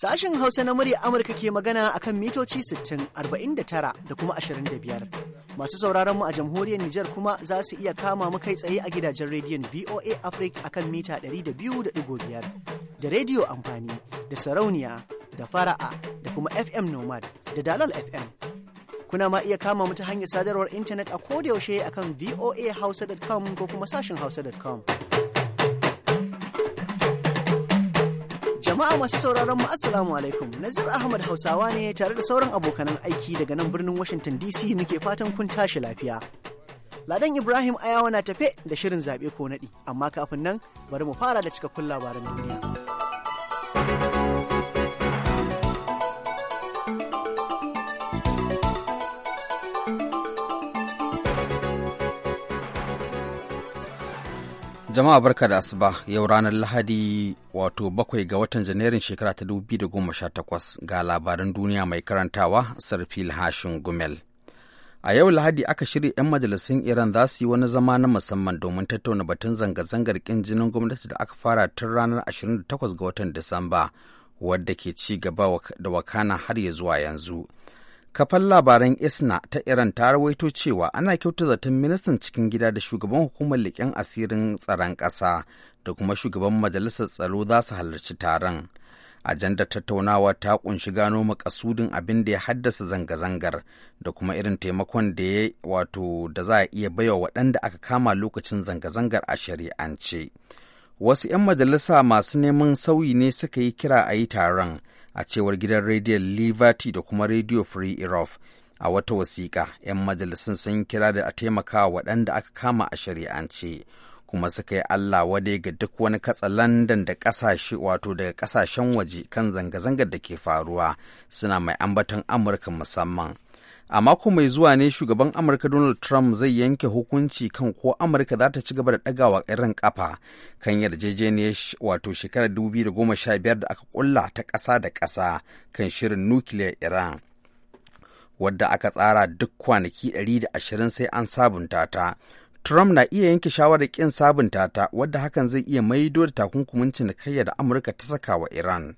Sashen Hausa na murya Amurka ke magana akan mitoci 60, 49 da kuma 25. Masu sauraron mu a jamhuriyar Nijar kuma za su iya kama mu kai tsaye a gidajen rediyon VOA Africa akan mita 200.5 da rediyo amfani da sarauniya da fara'a da kuma FM Nomad da Dalal FM. kuna ma iya kama mu ta hanyar sadarwar intanet a kodayaushe akan voahausa.com ko kuma sashen hausa.com. Jama'a masu sauraron mu Assalamu alaikum. Nazir Ahmad Hausawa ne tare da sauran abokanan aiki daga nan birnin Washington DC muke fatan kun tashi lafiya. Ladan Ibrahim Ayawa na tafe da shirin zaɓe ko naɗi, amma kafin nan bari mu fara da cikakkun labaran duniya. Jama'a barka da asuba yau ranar Lahadi wato bakwai ga watan Janairun shekara ta takwas ga labaran duniya mai karantawa Sarfil Hashin Gumel. A yau Lahadi aka shirya 'yan majalisun Iran za su yi wani zama na musamman domin tattauna batun zanga-zangar kin jinin gwamnati da aka fara tun ranar 28 ga watan Disamba wadda ke ci gaba da wakana har ya zuwa yanzu. kafan labaran Isna ta Iran ta rawaito cewa ana kyauta zaton ministan cikin gida da shugaban hukumar leƙen asirin tsaron ƙasa da kuma shugaban majalisar tsaro za su halarci taron. ajanda tattaunawa ta kunshi gano makasudin abin da ya haddasa zanga-zangar da kuma irin taimakon da ya wato da za a iya baiwa waɗanda aka kama lokacin zanga-zangar a shari'ance. wasu 'yan majalisa masu neman sauyi ne suka yi kira a yi taron a cewar gidan rediyon liberty da kuma radio free europe a wata wasiƙa 'yan majalisun sun yi kira da a taimaka waɗanda aka kama a shari'ance kuma suka yi allah wadai ga duk wani katsalandan da ƙasashe wato daga ƙasashen waje kan zanga-zangar da ke faruwa suna mai ambaton amurka musamman a mako mai zuwa ne shugaban amurka donald trump zai yanke hukunci kan ko amurka za ta ci gaba da dagawa irin kafa kan yarjejeniyar wato shekarar 2015 da aka kulla ta ƙasa da ƙasa kan shirin nukiliyar iran wadda aka tsara duk kwanaki 120 sai an sabunta ta trump na iya yanke shawarar ƙin sabunta ta wadda hakan zai iya maido da takunkumin cinikayya da amurka ta saka wa iran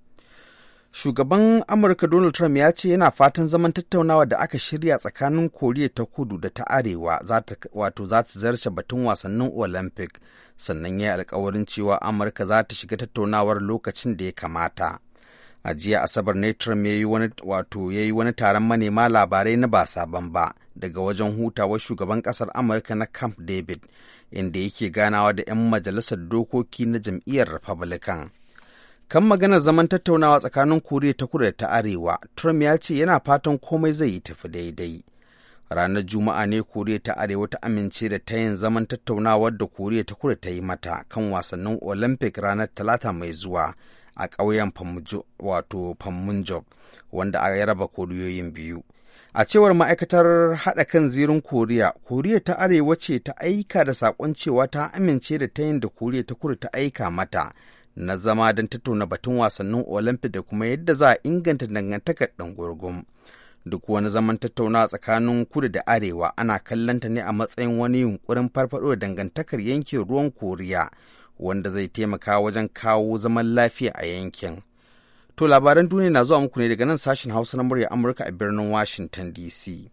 Shugaban Amurka Donald Trump ya ce yana fatan zaman tattaunawa da aka shirya tsakanin Koriya ta kudu da ta arewa wato za ta zarce batun wasannin Olympic sannan ya yi alkawarin cewa Amurka za ta shiga tattaunawar lokacin da ya kamata. A jiya Asabar ne Trump ya yi wani wato ya yi wani taron manema labarai na ba sabon ba daga wajen hutawar shugaban kasar Amurka na Camp David inda yake ganawa da 'yan majalisar dokoki na jam'iyyar Republican. kan magana zaman tattaunawa tsakanin koriya ta kudu da ta arewa trump ya ce yana fatan komai zai yi tafi daidai ranar juma'a ne koriya ta arewa ta amince da ta yin zaman tattaunawar da koriya ta kudu ta yi mata kan wasannin olympic ranar talata mai zuwa a ƙauyen wato wanda a raba koriyoyin biyu a cewar ma'aikatar haɗa kan zirin koriya koriya ta arewa ce ta aika da saƙon cewa ta amince da ta yin da koriya ta kudu ta aika mata na zama don tattauna batun wasannin Olympic da kuma yadda za a inganta dangantakar ɗan gurgun Duk wani zaman tattauna tsakanin kudu da arewa ana kallanta ne a matsayin wani yunkurin farfaɗo da dangantakar yankin ruwan Koriya wanda zai taimaka wajen kawo zaman lafiya a yankin. To labaran duniya na zuwa muku ne daga nan sashen Hausa na murya Amurka a birnin Washington DC.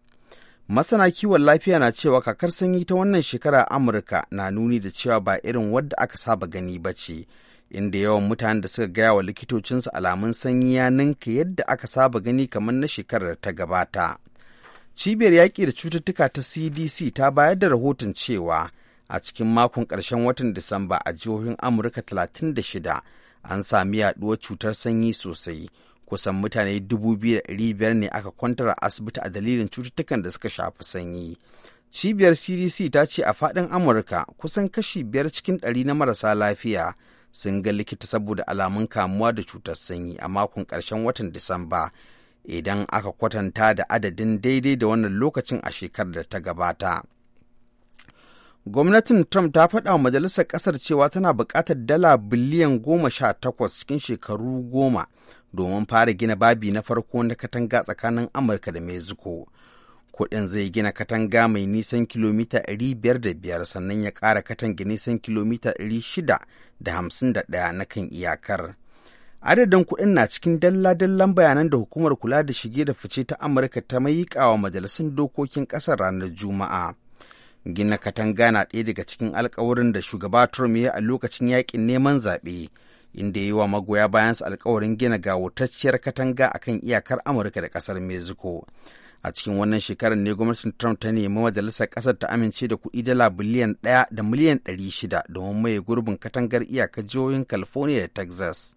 Masana kiwon lafiya na cewa kakar sanyi ta wannan shekara Amurka na nuni da cewa ba irin wadda aka saba gani ba ce. inda yawan mutanen da suka gaya wa likitocinsu alamun sanyi ya ninka yadda aka saba gani kamar na shekarar ta gabata. Cibiyar yaƙi da cututtuka ta CDC ta bayar da rahoton cewa a cikin makon ƙarshen watan Disamba a jihohin Amurka 36 an sami yaɗuwar cutar sanyi sosai. Kusan mutane 2,500 ne aka kwantar a asibiti a dalilin cututtukan da suka shafi sanyi. Cibiyar CDC ta ce a faɗin Amurka kusan kashi biyar cikin ɗari na marasa lafiya sun ga likita saboda alamun kamuwa da cutar sanyi a makon ƙarshen watan Disamba idan aka kwatanta da adadin daidai da wannan lokacin a shekarar da ta gabata. Gwamnatin Trump ta faɗa wa majalisar ƙasar cewa tana buƙatar dala biliyan goma sha takwas cikin shekaru goma domin fara gina babi na farko na katanga tsakanin Amurka da Mexico. kuɗin zai gina katanga mai nisan kilomita biyar-da-biyar sannan ya ƙara katanga nisan kilomita 651 na kan iyakar. Adadin kuɗin na cikin dalla-dallan bayanan da hukumar kula da shige da fice ta Amurka ta wa majalisun dokokin ƙasar ranar Juma'a. Gina katanga na ɗaya daga cikin alkawarin da shugaba Trump ya a lokacin yaƙin neman zaɓe. inda ya yi wa magoya bayansa alkawarin gina gawurtacciyar katanga a kan iyakar amurka da ƙasar mexico a cikin wannan shekarar ne gwamnatin trump ta nemi majalisar ƙasar ta amince da kuɗi dala biliyan ɗaya da miliyan ɗari shida domin maye gurbin katangar iyakar jihohin california da texas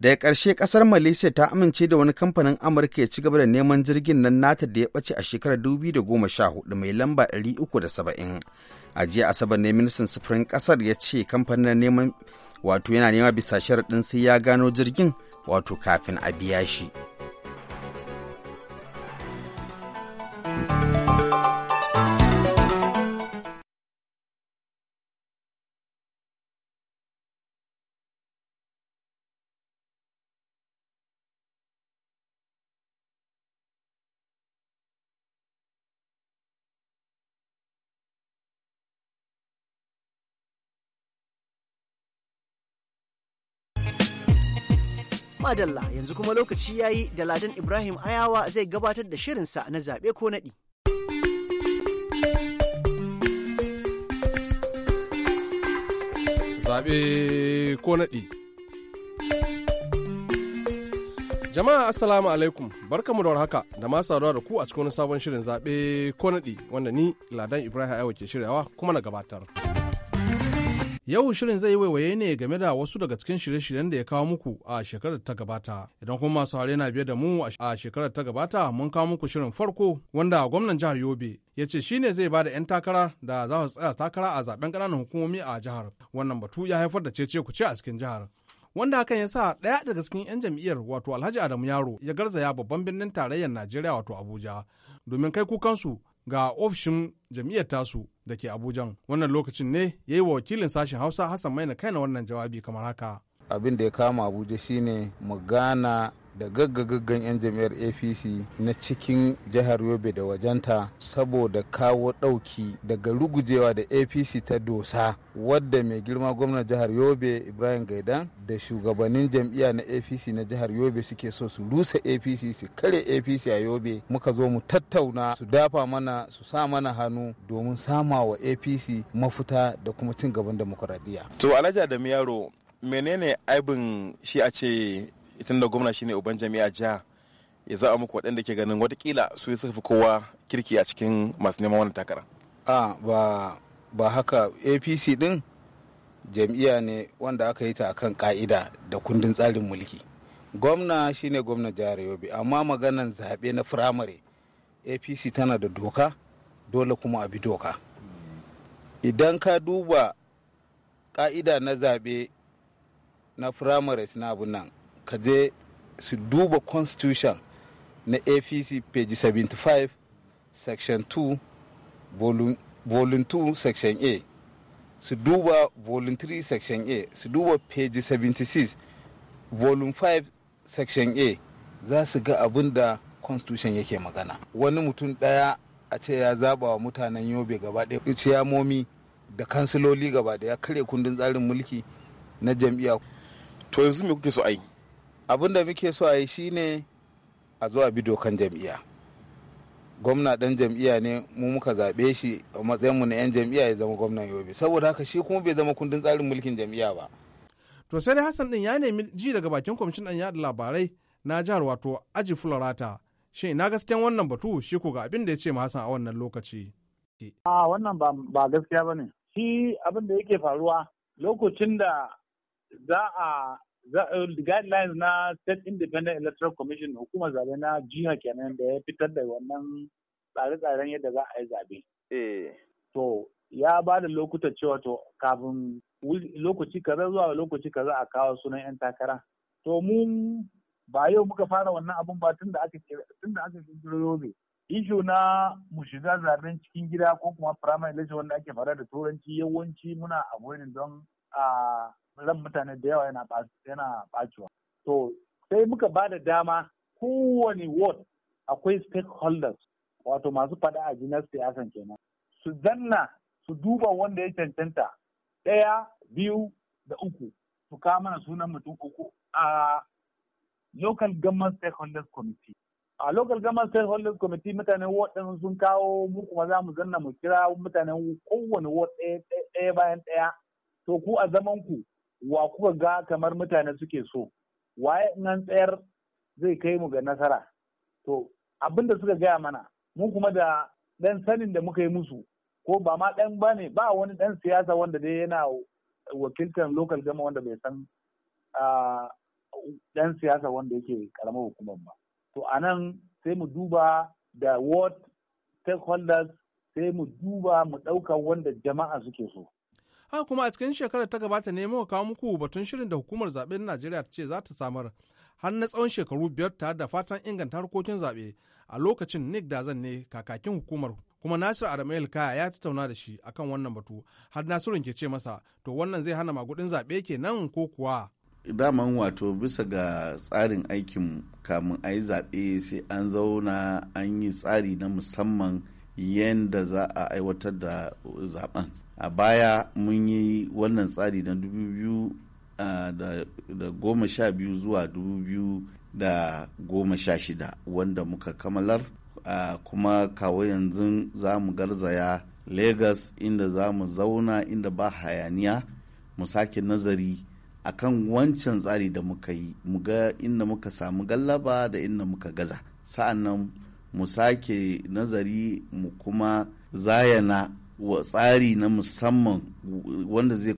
daga ƙarshe ƙasar malaysia ta amince da wani kamfanin amurka ya ci gaba da neman jirgin nan nata da ya ɓace a shekarar da sha hudu mai lamba uku da saba'in, a jiya asabar ne ministan sufurin ƙasar ya ce kamfanin neman wato yana nema bisa sharaɗin sai ya gano jirgin wato kafin a biya shi. adalla yanzu kuma lokaci yayi da Ladan Ibrahim Ayawa zai gabatar da shirinsa na zaɓe ko naɗi. Zaɓe ko naɗi. Jama'a Assalamu alaikum barkamu da haka da ma saduwa da ku a cikin wani sabon shirin zaɓe ko naɗi wanda ni Ladan Ibrahim Ayawa ke shiryawa kuma na gabatar. Yau shirin zai yi waiwaye ne game da wasu daga cikin shirye-shiryen da ya kawo muku a shekarar ta gabata. Idan kuma masu na biye da mu a shekarar ta gabata mun kawo muku shirin farko wanda gwamnan jihar Yobe ya ce shine zai ba da 'yan takara da za su tsaya takara a zaben ƙananan hukumomi a jihar. Wannan batu ya haifar da cece ku ce a cikin jihar. wanda hakan ya sa ɗaya daga cikin 'yan jam'iyyar wato alhaji adamu yaro ya garzaya babban birnin tarayyar najeriya wato abuja domin kai kukansu ga ofishin jam'iyyar tasu da ke abujan wannan lokacin ne ya yi wa wakilin sashen hausa hassan maina kaina wannan jawabi kamar haka abin da ya kama abuja shine mu gana da gaggagaggan 'yan jam'iyyar apc na cikin jihar yobe da wajenta saboda kawo ɗauki daga rugujewa da apc ta dosa wadda mai girma gwamnan jihar yobe ibrahim gaidan da shugabannin jam'iyya na apc na jihar yobe suke so su rusa apc su kare apc a yobe muka zo mu tattauna su dafa mana su sa mana hannu domin sama wa apc mafuta da kuma cin gaban demokuraɗiyya. to alhaji adamu yaro menene aibin shi a ce tun da gwamna shine uban jami'a jiha ya za'a muku waɗanda ke ganin watakila su yi fi kowa kirki a cikin masu neman wannan takara a ba ba haka apc din jam'iyya ne wanda aka yi ta akan ka'ida da kundin tsarin mulki gwamna shine gwamna jihar yobe amma maganan zaɓe na firamare apc tana da doka dole kuma a bi doka idan ka duba ka'ida na zaɓe na firamare suna abin nan ka je su duba constitution na apc page 75 section 2 volume, 2 section a su duba volume 3 section a su duba page 76 volume 5 section a za su ga abin da constitution yake magana wani mutum ɗaya a ce ya zaba wa mutanen yobe gaba ya ciyamomi da kansiloli gaba ya karya kundin tsarin mulki na jam'iyya to yanzu me kuke so a yi abin da muke so a yi shine a zuwa bi dokan jam'iyya gwamna dan jam'iya ne mu muka zaɓe shi a mu na 'yan jam'iyya ya zama gwamnan yobe saboda haka shi kuma bai zama kundin tsarin mulkin jam'iyya ba to sai dai hassan din ya nemi ji daga bakin kwamishin ɗan yaɗa labarai na jihar wato aji fularata shin ina gasken wannan batu shi ko ga abin da ya ce ma hassan a wannan lokaci a wannan ba gaskiya ba ne shi abin da yake faruwa lokacin da za a Eh, guidelines na state independent electoral commission hukumar zabe na jiha kenan da ya fitar da wannan tsare-tsaren yadda za a yi zabe. Eh. To ya ba da lokuta cewa to kafin lokaci kaza zuwa lokaci kaza a kawo sunan 'yan takara. To mu ba yau muka fara wannan abun ba tun da aka kirkiro ne. Ishu na mu shiga zaben cikin gida ko kuma primary election wanda ake fara da turanci yawanci muna avoiding don a ah, ran mutane da yawa yana yana to sai muka ba da dama kowane ward akwai stakeholders wato masu faɗa a jinar siyasan kenan su zanna su duba wanda ya cancanta ɗaya biyu da uku su kawo mana sunan mutum uku a local government stakeholders committee a local government stakeholders committee mutane ward ɗin sun kawo mu kuma za mu zanna mu kira mutanen kowane ward ɗaya bayan ɗaya to ku a zamanku. ku wa kuka ga kamar mutane suke so waye nan tsayar zai kai mu ga nasara to abin da suka gaya mana mu kuma da dan sanin da muka yi musu ko ba ma dan ba ne ba wani ɗan siyasa wanda dai yana wakiltar local gama wanda bai san ɗan siyasa wanda yake karamar hukumar ba to a nan, sai mu duba da ward stakeholders sai mu duba mu ɗauka wanda jama'a suke so haka kuma a cikin shekarar ta gabata ne muka kawo muku batun shirin da hukumar zaɓen najeriya ta ce za ta samar har na tsawon shekaru biyar tare da fatan inganta harkokin zaɓe a lokacin nick zan ne kakakin hukumar kuma nasir adamu kaya ya tattauna da shi akan wannan batu har nasiru ke ce masa to wannan zai hana magudin zaɓe ke nan ko kuwa daman wato bisa ga tsarin aikin kamun a yi zaɓe sai an zauna an yi tsari na musamman yadda za a aiwatar da zaben a baya mun yi wannan tsari na da zuwa 2016 goma wanda muka kamalar kuma kawo yanzu za mu garzaya lagos inda za mu zauna inda ba hayaniya mu sake nazari akan wancan tsari da muka yi muga inda muka samu gallaba da inda muka gaza sa'an nan. mu sake nazari mu kuma zayana wa tsari na musamman wanda zai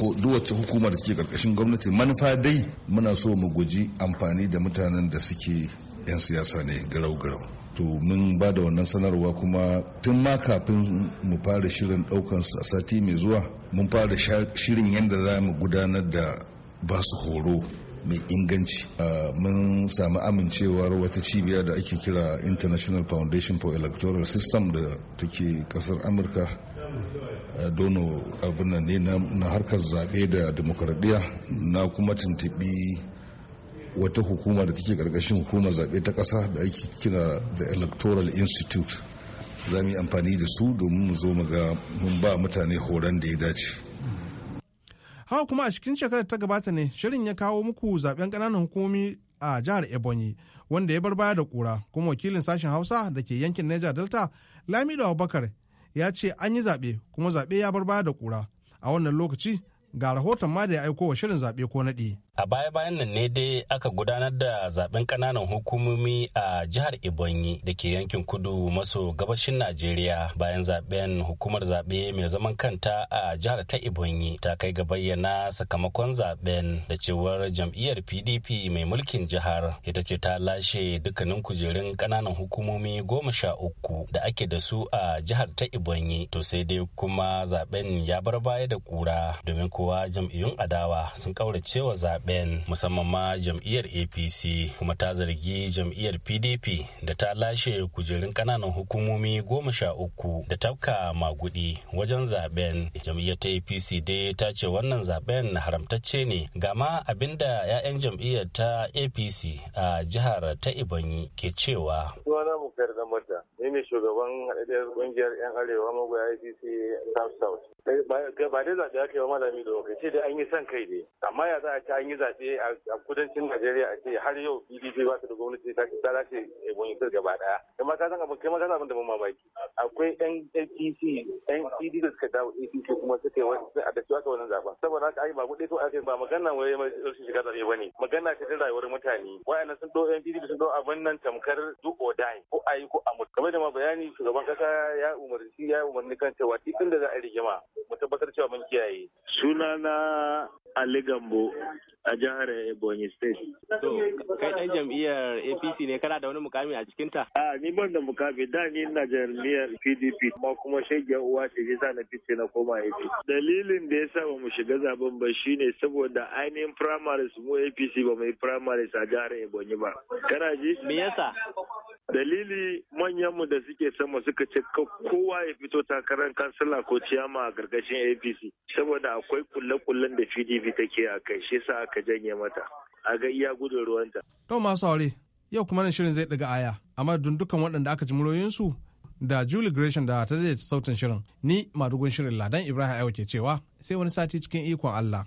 ko duwace hukumar da ke karkashin gwamnati manufa dai muna so mu guji amfani da mutanen da suke 'yan siyasa ne garau-garau to mun ba da wannan sanarwa kuma tun ma kafin mu fara shirin daukan sati mai zuwa mun fara shirin yadda za mu gudanar da ba su horo mai inganci mun sami amincewar wata cibiya da ake kira international foundation for electoral system da take kasar amurka Eh, dono abin nan ne na harkar zaɓe da demokradiyya na kuma tuntuɓi wata hukuma da take ƙarƙashin hukumar zaɓe ta ƙasa da ake kira the electoral institute za mu yi amfani da su domin mu zo mu ga mun ba mutane horon da ya dace haka kuma a cikin shekarar ta gabata ne shirin ya kawo muku zaben ƙananan hukumomi a jihar ebonyi wanda ya bar baya da kura kuma wakilin sashen hausa da ke yankin niger delta lamido abubakar ya ce an yi zaɓe kuma zaɓe ya bar baya da ƙura a wannan lokaci ga rahoton ma da ya aiko wa shirin zaɓe ko naɗi. A baya-bayan nan ne dai aka gudanar da zaɓen ƙananan hukumomi a jihar Ebonyi da ke yankin kudu maso gabashin Najeriya bayan zaɓen hukumar zaɓe mai zaman kanta a jihar ta Ebonyi ta kai ga bayyana sakamakon zaɓen da cewar jam'iyyar PDP mai mulkin jihar ita ce ta lashe dukkanin kujerun ƙananan hukumomi goma sha uku da ake da su a jihar ta Ebonyi to sai dai kuma zaɓen ya bar baya da kura domin kuwa jam'iyyun adawa sun kaurace wa zaben musamman ma jam'iyyar apc kuma ta zargi jam'iyyar pdp da ta lashe kujerun kananan hukumomi goma sha uku da tafka magudi wajen zaben jam'iyyar ta apc dai ta ce wannan zaben haramtacce ne gama abinda 'ya'yan jam'iyyar ta apc a jihar ta ibanyi ke cewa ne shugaban haɗaɗɗiyar ƙungiyar 'yan arewa magoya apc south ba dai zaɓe aka yi wa malami da wakil ce dai an yi son kai ne amma ya za a ce an yi zaɓe a kudancin najeriya a ce har yau pdp ba su da gwamnati ta ta lashe ebonyi sir gaba ɗaya kuma ka san abin kai ma ka san abin da mun mamaki akwai yan apc yan pd da suka dawo apc kuma suka yi wani a da cewa wannan zaɓen saboda haka ai ba kuɗi to ake ba magana wai rashin shiga zaɓe ba ne magana ce ta rayuwar mutane wa'annan sun ɗau yan pdp sun ɗau abin nan tamkar duk odai ko ayi ko amur kamar da ma bayani shugaban kasa ya umarci ya umarni kan cewa duk inda za a rigima mu tabbatar cewa mun kiyaye. Suna na Ali Gambo a jihar Ebonyi State. so kai ɗan jam'iyyar APC ne kana da wani mukami a cikinta? A ni ban da mukami da ni ina jam'iyyar PDP kuma kuma shagiyar uwa ce ya sa na fice na koma APC. Dalilin da ya sa ba mu shiga zaben ba shine saboda ainihin primaries mu APC ba mu yi primaries a jihar Ebonyi ba. Kana ji? Me yasa? Dalili manyanmu da suke sama suka ce kowa ya fito takarar kansila ko ciyama a gargajiya. karkashin apc saboda akwai kulle-kullen da pdp take a kai shi sa aka janye mata a ga iya gudun ruwanta. to masu aure yau kuma nan shirin zai daga aya amma dundukan waɗanda aka ji muryoyinsu da julie gresham da ta daidaita sautin shirin ni madugun shirin ladan ibrahim ayo ke cewa sai wani sati cikin ikon allah.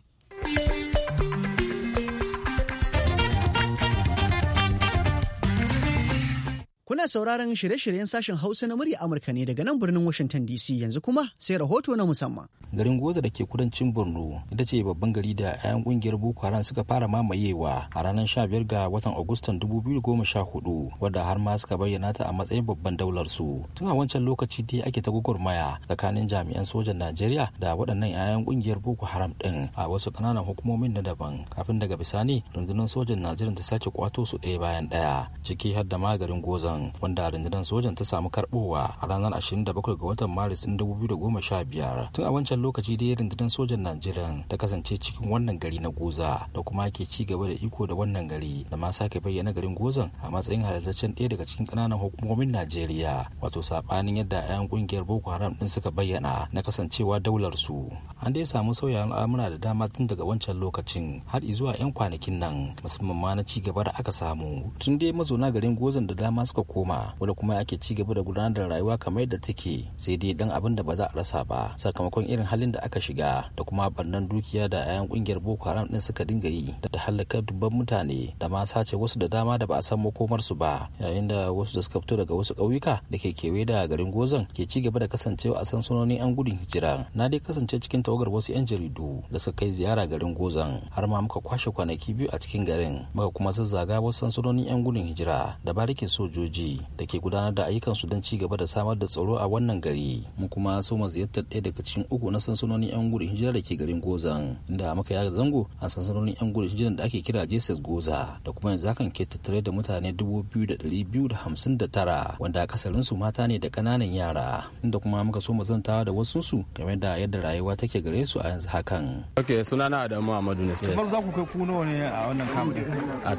Kuna sauraron shirye-shiryen sashen Hausa na murya Amurka ne daga nan birnin Washington DC yanzu kuma sai rahoto na musamman. Garin Goza da ke kudancin Borno ita ce babban gari da 'ya'yan kungiyar Boko Haram suka fara mamayewa a ranar 15 ga watan Agustan 2014 wadda har ma suka bayyana ta a matsayin babban daular su. Tun a wancan lokaci dai ake ta gugurmaya tsakanin jami'an sojan Najeriya da waɗannan 'ya'yan kungiyar Boko Haram din a wasu ƙananan hukumomin na daban kafin daga bisani rundunar sojan Najeriya ta sake kwato su ɗaya bayan ɗaya ciki har da ma garin Gozan. wanda rundunar sojan ta samu karbowa a ranar 27 ga watan maris din 2015 tun a wancan lokaci dai rundunar sojan najeriya ta kasance cikin wannan gari na goza da kuma ke ci gaba da iko da wannan gari da ma sake bayyana garin gozan a matsayin halartaccen ɗaya daga cikin ƙananan hukumomin najeriya wato sabanin yadda 'yan kungiyar boko haram din suka bayyana na kasancewa daular su an dai samu sauyawan al'amura da dama tun daga wancan lokacin har zuwa 'yan kwanakin nan musamman ma na ci gaba da aka samu tun dai mazauna garin gozan da dama suka koma wanda kuma ake ci gaba da gudanar da rayuwa kamar yadda take sai dai dan abin da ba za a rasa ba sakamakon irin halin da aka shiga da kuma bannan dukiya da 'ya'yan kungiyar boko haram din suka dinga yi da ta halaka dubban mutane da ma sace wasu da dama da ba a san makomar su ba yayin da wasu da suka fito daga wasu ƙauyuka da ke kewaye da garin gozan ke ci gaba da kasancewa a sansanonin 'yan gudun hijira na dai kasance cikin tawagar wasu 'yan jaridu da suka kai ziyara garin gozan har ma muka kwashe kwanaki biyu a cikin garin muka kuma zazzaga wasu sansanonin 'yan gudun hijira da barikin sojoji sojoji da ke gudanar da ayyukansu don ci gaba da samar da tsaro a wannan gari mu kuma so mu ziyartar ɗaya daga cikin uku na sansanonin yan gudun hijira da ke garin gozan inda muka yaga zango a sansanonin yan gudun hijira da ake kira jesus goza da kuma yanzu hakan ke tattare da mutane dubu biyu da ɗari biyu da hamsin da tara wanda akasarinsu mata ne da ƙananan yara inda kuma muka so mu zantawa da su game da yadda rayuwa take gare su a yanzu hakan. ok sunana adamu amadu ne kamar za ku kai ku nawa ne a wannan kamfani.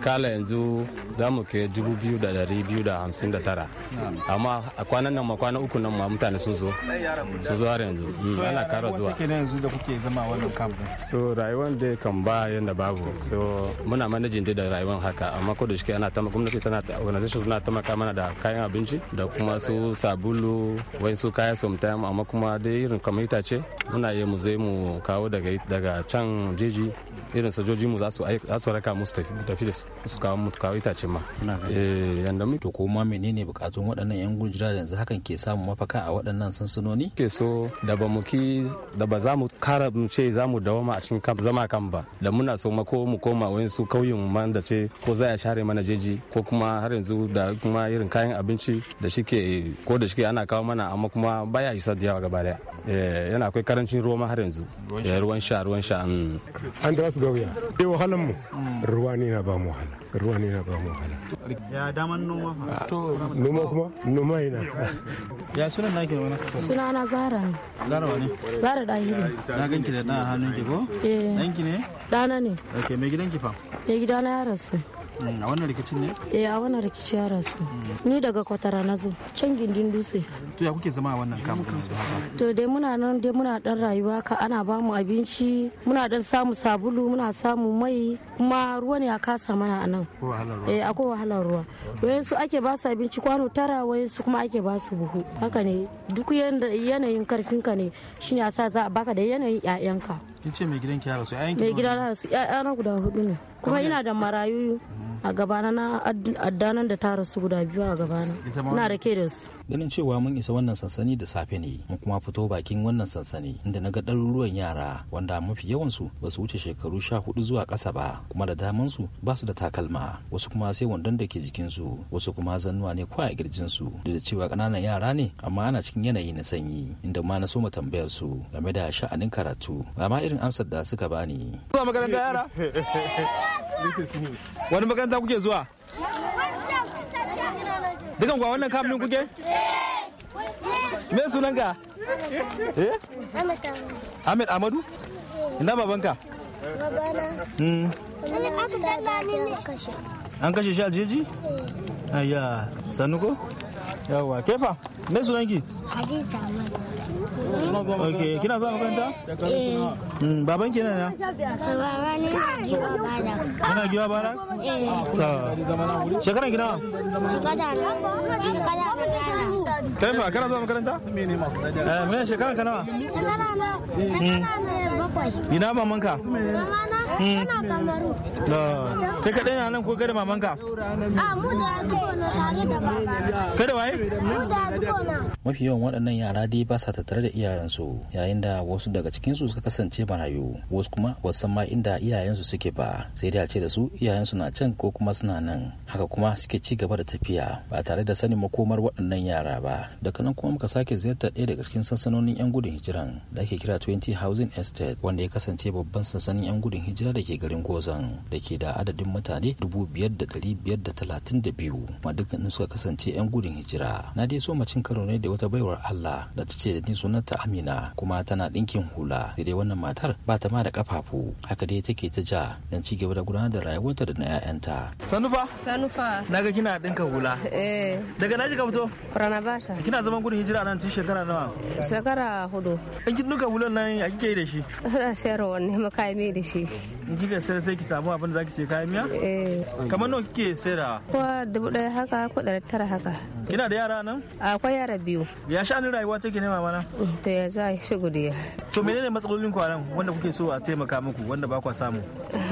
kala yanzu za mu kai dubu biyu da ɗari biyu da hamsin da tara amma a kwanan nan ma kwana uku nan ma mutane sun zo sun zo har yanzu mm, ana kara zuwa kenan yanzu da kuke zama wannan kamfin so rayuwar da kan ba yanda babu so muna manajin da rayuwar haka amma ko da shi ana ta gwamnati tana organization suna maka mana da kayan abinci da kuma su sabulu wai su kaya time amma kuma dai irin kamar ce muna yi mu zai mu kawo daga daga can jeji irin sojoji mu za su raka mu tafi da su kawo mu kawo itace ma eh yanda mu to kuma kuma menene bukatun waɗannan 'yan gujira yanzu hakan ke samun mafaka a waɗannan sansanoni? ke so da ba mu ki da ba za mu kara mu ce za mu ma a cikin zama kan ba da muna so mako mu koma su kauyen mu man da ce ko za a share mana jeji ko kuma har yanzu da kuma irin kayan abinci da shike ko da shike ana kawo mana amma kuma baya isa da yawa gaba daya eh, yana akwai karancin ruwa ma har yanzu ruwan eh, sha ruwan sha an da su gauya eh wahalan mu mm. ruwa ne na ba mu wahala ruwa ne na ba mu wahala ya daman noma to noma kuma noma ina ya suna na ke wani suna na zara ne zara wani zara da hiru na ganki da ɗan hannun ki ko eh ɗanki ne ɗana ne okay mai gidanki fa mai gidana ya rasu Mm, a wannan rikicin ne eh a wannan rikici ya rasu mm. ni daga kwatara na zo can gindin dutse to ya kuke zama a wannan kamun to dai muna nan dai muna dan rayuwa ka ana ba mu abinci muna dan samu sabulu muna samu mai kuma ruwa ne a kasa mana a nan eh akwai wahalar ruwa wayan su ake ba su abinci kwano tara wayan su kuma ake ba su buhu haka ne duk yanayin ka ne shine yasa za a baka da yanayin 'ya'yanka kin ce mai gidan ki ya rasu ki mai gidan ya rasu 'ya'yana guda hudu ne kuma ina da marayu mm. a gabana na addanan da ta rasu guda biyu a gabana na rake da su ganin cewa mun isa wannan sansani da safe ne mun kuma fito bakin wannan sansani inda na ga ɗaruruwan yara wanda mafi yawansu ba su wuce shekaru sha hudu zuwa ƙasa ba kuma da damansu ba su da takalma wasu kuma sai wandon da ke jikinsu wasu kuma zannuwa ne kwa a kirjinsu duk da cewa ƙananan yara ne amma ana cikin yanayi na sanyi inda ma na so mu tambayar su game da sha'anin karatu amma irin amsar da suka bani. Zuwa makaranta yara? Wani makaranta kuke zuwa? dukan kwa wannan kamunin kuke? me sunan ka? eh? Ahmed Amadu ina babanka? babana hmm. an kashe shi aljeji? Eh. ayya sannu ko? yawa kefa me ki? Hadisa amadu ok kina zuwa makaranta eh baban kina na baba ne giwa bara kana giwa bara eh ta shekara kina shekara na shekara na kana kai fa kana zuwa makaranta eh mun shekara kana shekara na mm. bakwai. Ina mamanka? Hmm. Kai kaɗai na nan ko kada mamanka? A mu da tare da baba. Kada waye? Mu da Mafi yawan waɗannan yara dai ba sa tattare da iyayensu yayin da wasu daga cikinsu suka kasance marayu wasu kuma ba san ma inda iyayensu suke ba sai dai a ce da su iyayensu na can ko kuma suna nan haka kuma suke ci gaba da tafiya ba tare da sanin makomar waɗannan yara ba daga nan kuma muka sake ziyartar ɗaya daga cikin sansanonin 'yan gudun hijiran da ake kira 20 housing estate wanda ya kasance babban sansanin 'yan gudun hijira da ke garin Gozan da ke da adadin mutane 5,532 ma dukkanin suka kasance 'yan gudun hijira. Na dai so macin karo ne da wata baiwar Allah da ta ce da ni sunanta Amina kuma tana ɗinkin hula. da dai wannan matar ba ta ma da kafafu haka dai take ta ja don ci gaba da gudanar da rayuwarta da na 'ya'yanta. Sanufa? Sanufa. Na ga kina ɗinka hula. Eh. Daga naji ka fito? Ranabata. Kina zaman gudun hijira nan tun shekara nawa? Shekara hudu. In kin ɗinka hulan nan a kike yi da shi? Suna sayar wani makami da shi. In kika sayar sai ki samu abin da zaki ki sai kayan miya? Eh. Kamar nawa kike sayar? ko dubu ɗaya haka ko ɗari tara haka. Kina da yara nan? Akwai yara biyu. Ya sha'anin rayuwa take ne mama na? To ya za shi gudiya. To menene matsalolin ku nan wanda kuke so a taimaka muku wanda ba kwa samu?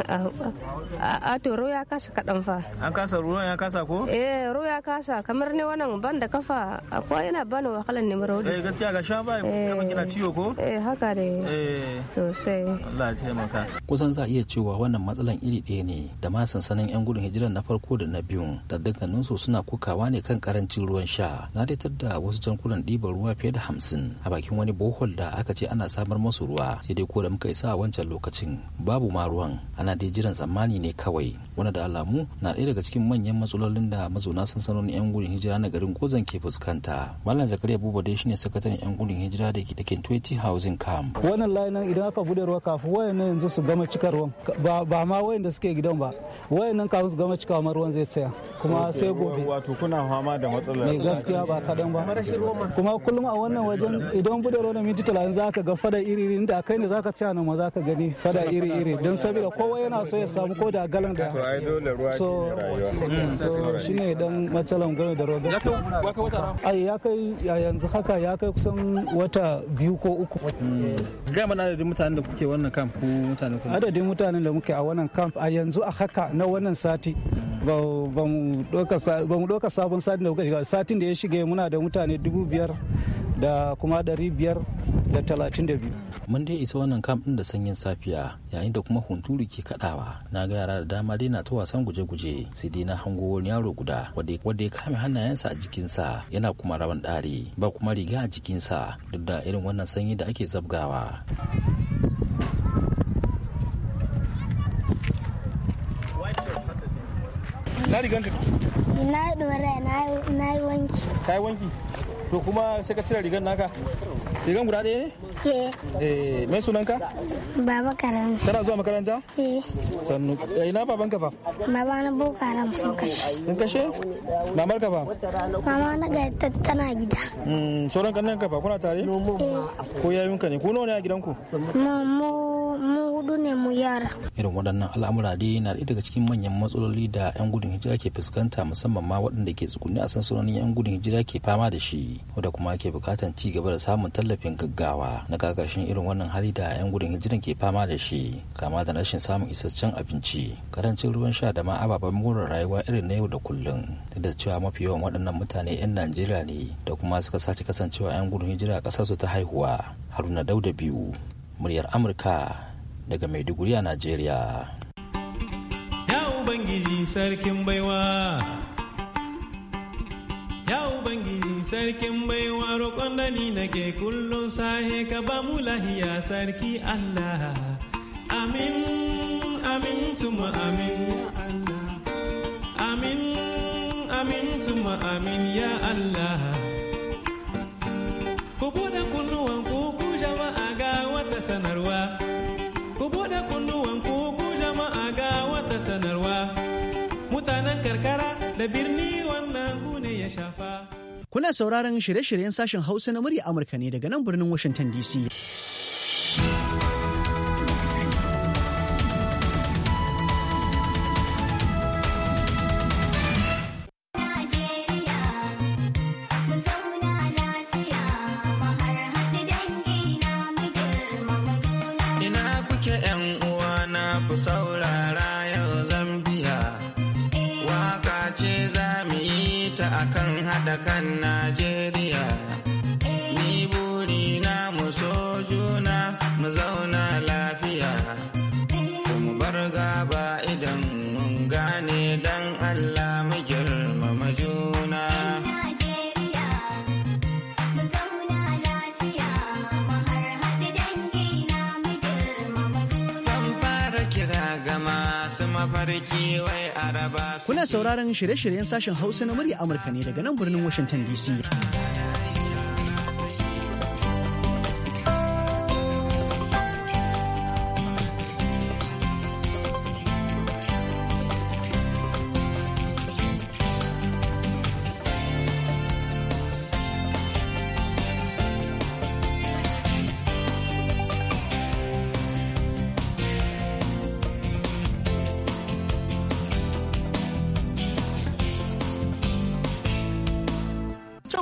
A to ruwa ya kasa kaɗan fa. An kasa ruwan ya kasa ko? Eh ruwa ya kasa kamar ne wannan ban da kafa akwai yana bani wahalar ne mara Eh gaskiya ga sha ba eh. kina ciwo ko? Eh haka ne. Eh. sosai kusan za a iya cewa wannan matsalan iri ɗaya ne da ma sansanin yan gudun hijiran na farko da na biyu da dukkanin suna kukawa ne kan karancin ruwan sha na daitar da wasu jankunan ɗiban ruwa fiye da hamsin a bakin wani bohol da aka ce ana samar musu ruwa sai dai ko da muka isa a wancan lokacin babu ma ruwan ana dai jiran tsammani ne kawai wani da alamu na ɗaya daga cikin manyan matsalolin da mazauna sansanonin yan gudun hijira na garin kozan ke fuskanta malam zakariya buba dai shine sakataren yan gudun hijira da ke dakin 20 housing camp wannan idan aka bude ruwa kafin wayannan yanzu su gama cika ruwan ba ma da suke gidan ba wayan nan kafin su gama cika ma ruwan zai tsaya kuma sai gobe wato kuna fama da matsalar mai gaskiya ba kadan ba kuma kullum a wannan wajen idan bude na minti za zaka ga fada iri iri da kai ne zaka tsaya nan ma zaka gani fada iri iri don saboda kowa yana so ya samu ko da galan da so ai dole ruwa so shine mm, dan matsalan game da ruwa ai ya kai yanzu haka ya kai kusan wata biyu ko uku ga mana da mutane mutanen da kuke wannan camp ko mutanen kuma adadin mutanen da muke a wannan camp a yanzu a haka na wannan sati ba mu doka sabon satin da kuka shiga satin da ya shiga muna da mutane dubu biyar da kuma ɗari biyar da talatin da biyu. Mun dai isa wannan kam ɗin da sanyin safiya yayin da kuma hunturu ke kadawa na ga yara da dama dai na ta wasan guje-guje sai dai na hango wani yaro guda wanda ya kame hannayensa a jikinsa yana kuma rawan ɗari ba kuma riga a jikinsa duk da irin wannan sanyi da ake zabgawa. Na riganka? Na na yi wanki. Ka yi wanki? to kuma sai ka cire rigar naka rigar guda ɗaya ne eh, eh mai sunanka baba karam tana zuwa makaranta eh sannu ina baban ka fa baba na boko haram sun kashe sun kashe mamar ka fa mama na ga tana gida Mmm, sauran kannan ka fa kuna tare eh. ko ka ne ko nawa ne a gidanku mu mu hudu ne mu yara irin waɗannan al'amura dai na ɗaya daga cikin manyan matsaloli da 'yan gudun hijira ke fuskanta musamman ma waɗanda ke tsugunni a sansanonin 'yan gudun hijira ke fama da shi wanda kuma ke buƙatan ci gaba da samun tallafin gaggawa na kakashin irin wannan hali da 'yan gudun hijira ke fama da shi kama da rashin samun isasshen abinci karancin ruwan sha da ma ababen more rayuwa irin na yau da kullum duk da cewa mafi yawan waɗannan mutane 'yan najeriya ne da kuma suka sace kasancewa 'yan gudun hijira a ƙasarsu ta haihuwa haruna dauda biyu muryar amurka daga maiduguri a najeriya ya ubangiji sarkin baiwa ya ubangiji sarkin baiwa roƙon da nake kullum sahe ka ba mu lahiya sarki allah amin amin suma amin amin amin suma amin ya allah ku buɗe kunnuwan wata sanarwa ku buɗe kunnuwan ku ku jama'a ga wata sanarwa mutanen karkara da birni wannan ku ne ya shafa kuna sauraron shirye-shiryen sashen hausa na murya amurka ne daga nan birnin washington dc ke ‘yan uwana ku saurara yau Zambiya, waka ce za mu yi ta akan haɗa kan Najeriya. Kuna sauraron shirye-shiryen sashen Hausa na murya Amurka ne daga nan birnin Washington DC.